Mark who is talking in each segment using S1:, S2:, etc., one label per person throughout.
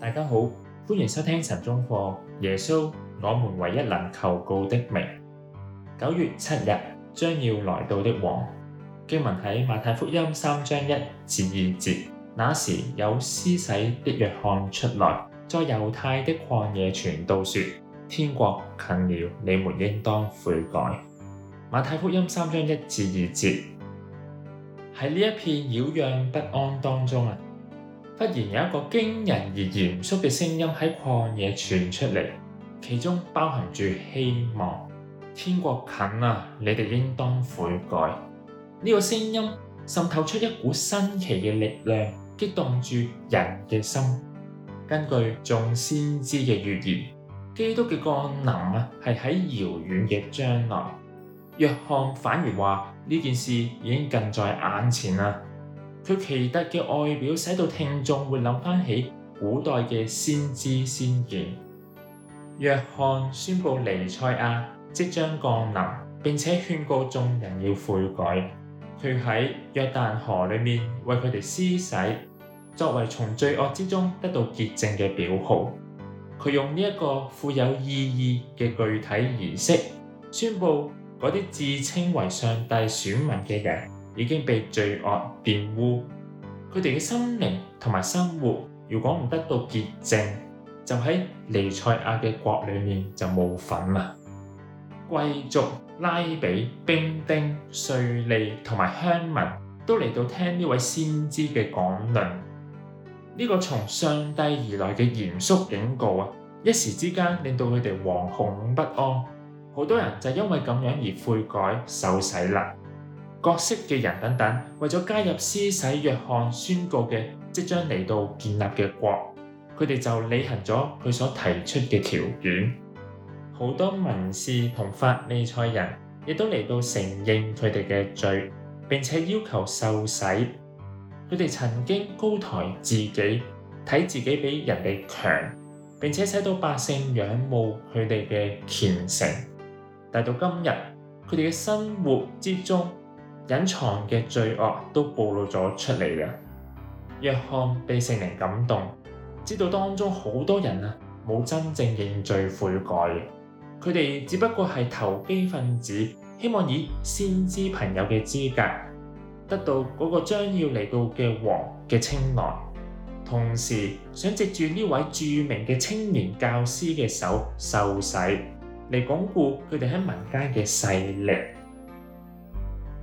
S1: 大家好，歡迎收聽晨鐘課。耶穌，我們唯一能求告的名。九月七日將要來到的王。經文喺馬太福音三章一至二節，那時有施洗的約翰出來，在猶太的曠野傳道說：天國近了，你們應當悔改。馬太福音三章一至二節。喺呢一片擾攘不安當中忽然有一個驚人而嚴肅嘅聲音喺曠野傳出嚟，其中包含住希望。天國近啦，你哋應當悔改。呢、這個聲音滲透出一股神奇嘅力量，激動住人嘅心。根據眾先知嘅預言，基督嘅降臨啊，係喺遙遠嘅將來。約翰反而話呢件事已經近在眼前啦。佢奇特嘅外表，使到聽眾會諗翻起古代嘅先知先見。約翰宣布彌賽亞即將降臨，並且勸告眾人要悔改。佢喺約旦河裏面為佢哋施洗，作為從罪惡之中得到潔淨嘅表號。佢用呢一個富有意義嘅具體儀式，宣布嗰啲自稱為上帝選民嘅人，已經被罪惡玷污，佢哋嘅心靈同埋生活，如果唔得到潔淨，就喺彌賽亞嘅國裏面就冇份啦。貴族拉比、兵丁、稅吏同埋鄉民都嚟到聽呢位先知嘅講論。呢個從上帝而來嘅嚴肅警告啊，一時之間令到佢哋惶恐不安，好多人就因為咁樣而悔改受洗啦。各色嘅人等等，為咗加入施洗約翰宣告嘅即將嚟到建立嘅國，佢哋就履行咗佢所提出嘅條件。好多文士同法利賽人亦都嚟到承認佢哋嘅罪，並且要求受洗。佢哋曾經高抬自己，睇自己比人哋強，並且使到百姓仰慕佢哋嘅虔誠。但到今日，佢哋嘅生活之中，隱藏嘅罪惡都暴露咗出嚟啦！約翰被聖靈感動，知道當中好多人啊冇真正認罪悔改，佢哋只不過係投機分子，希望以先知朋友嘅資格得到嗰個將要嚟到嘅王嘅青睞，同時想藉住呢位著名嘅青年教師嘅手受洗，嚟鞏固佢哋喺民間嘅勢力。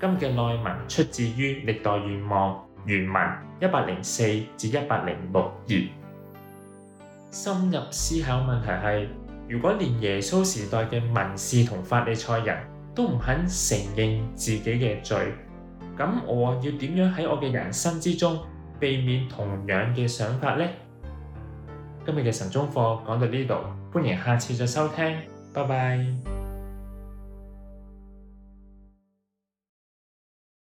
S1: 今嘅內文出自於歷代願望原文一百零四至一百零六頁。深入思考問題係：如果連耶穌時代嘅文士同法利賽人都唔肯承認自己嘅罪，咁我要點樣喺我嘅人生之中避免同樣嘅想法呢？今日嘅晨鐘課講到呢度，歡迎下次再收聽，拜拜。